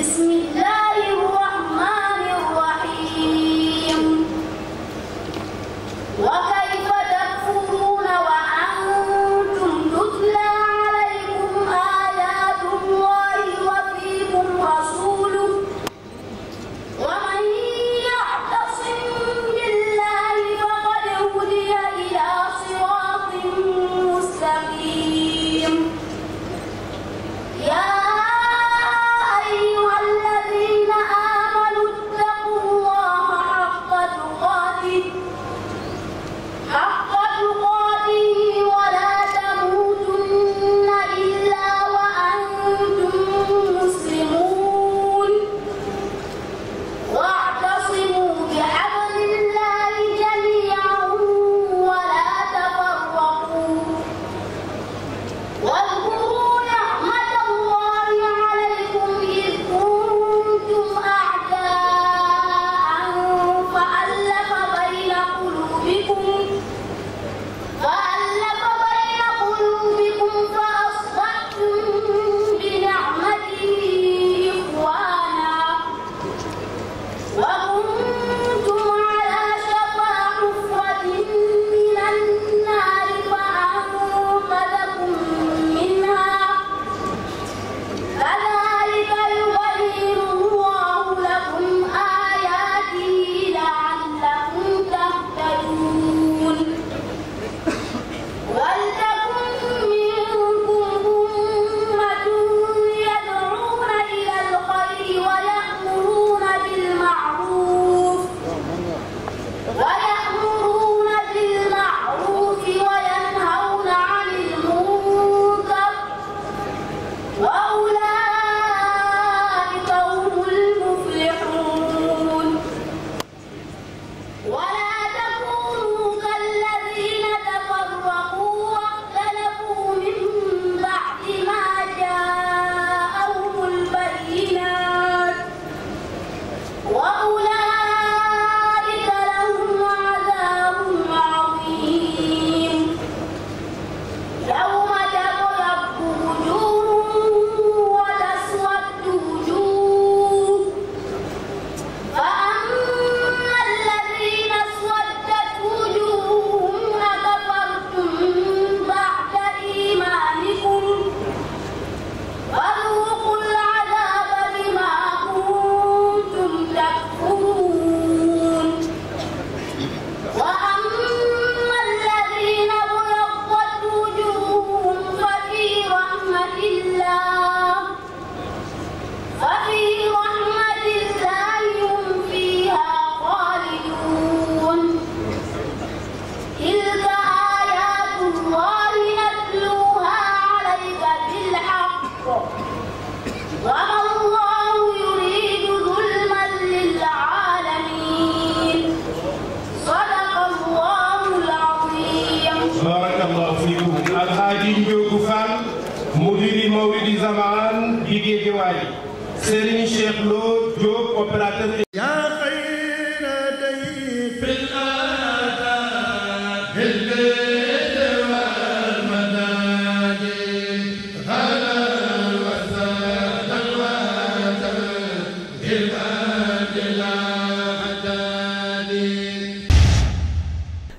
اسمي liggéey bi waay Serigne Cheikh Lo Diop opérateur Amen.